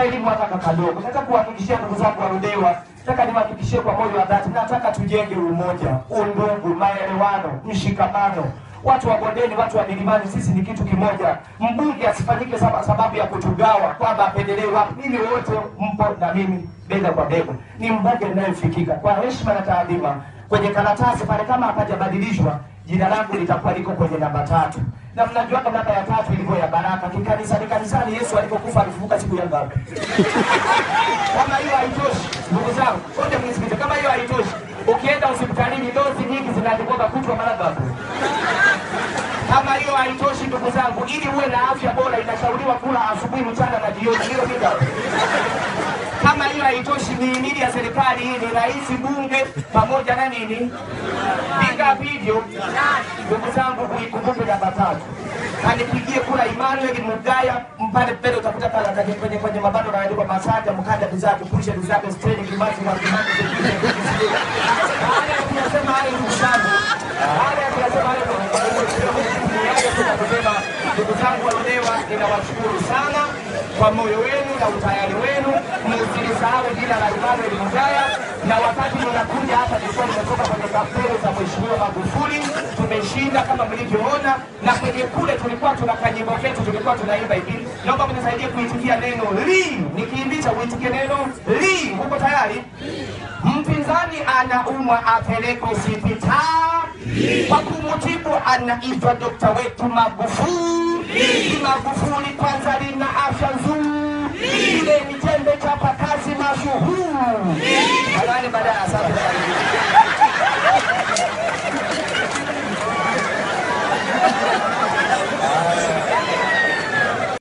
elimu hata kakadogo. Nataka kuwahakikishia ndugu zangu wa nataka niwahakikishie kwa moyo wa dhati, nataka tujenge umoja, undugu, maelewano, mshikamano. Watu wa bondeni, watu wa milimani, sisi ni kitu kimoja. Mbunge asifanyike sababu ya kutugawa kwamba apendelee wapi. Mimi wote mpo na mimi bega kwa bega, ni mbunge ninayefikika kwa heshima na taadhima. Kwenye karatasi pale, kama hapajabadilishwa jina langu litakuwa liko kwenye namba tatu na mnajuaga namba ya tatu ilikuwa ya baraka. Kikanisa ni kanisani, Yesu alipokufa alifufuka siku ya ngapi? Kama hiyo haitoshi, ndugu zangu, wote mnisikilize, kama hiyo haitoshi, ukienda hospitalini dozi nyingi zinaandikwa kutwa mara ngapi? Kama hiyo haitoshi, ndugu zangu, ili uwe na afya bora, inashauriwa kula asubuhi, mchana na jioni. Hilo ni mihimili ya serikali hii ni rais, bunge pamoja na nini, vingapi hivyo? Ndugu zangu, kuikumbuke namba tatu, kanipigie kura Emmanuel Mgaya mpande mbele, utakuta pale atakaye kwenye kwenye mabano naandikwa masaja Mkanda Bizatu Kulisha Bizatu Steni Kimasi kwa Kimasi. tunasema hayo ndugu zangu, haya tunasema hayo ndugu zangu, walewa, ninawashukuru sana kwa moyo wenu na utayari wenu, msilisahau jina la Emmanuel Muzaya. Na wakati mnakuja hapa tulikuwa tumetoka kwenye kampeni za Mheshimiwa Magufuli, tumeshinda kama mlivyoona, na kwenye kule tulikuwa tuna kanyimbo ketu tulikuwa tunaimba hivi. Naomba mnisaidie kuitikia neno li, nikiimbisha uitikie neno li. Uko tayari? Mpinzani anaumwa apelekwe hospitali, kwa kumutibu anaitwa dokta wetu Magufuli. Magufuli kwanza lina